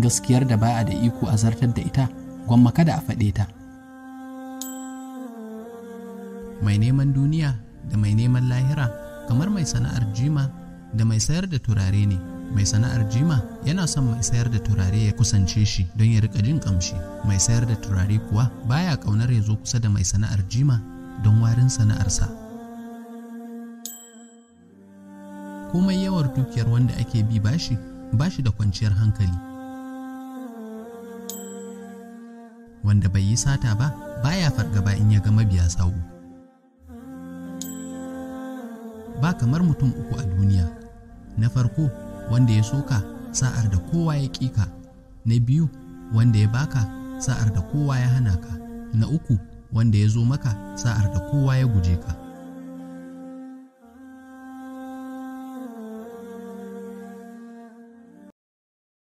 gaskiyar da ba a da iko a zartar da ita gwamma kada a faɗe ta mai neman duniya da mai neman lahira kamar mai sana'ar jima da mai sayar da turare ne mai sana'ar jima yana son mai sayar da turare ya kusance shi don ya rika jin kamshi mai sayar da turare kuwa baya kaunar ya zo kusa da mai sana'ar jima don warin sana'arsa komai yawar dukiyar wanda ake bi bashi bashi da kwanciyar hankali wanda bai yi sata ba baya fargaba in ya ga mabiya sawo ba kamar mutum uku a duniya na farko wanda ya soka sa'ar da kowa ya kika na biyu wanda ya baka sa'ar da kowa ya hana ka na uku wanda ya zo maka sa'ar da kowa ya guje ka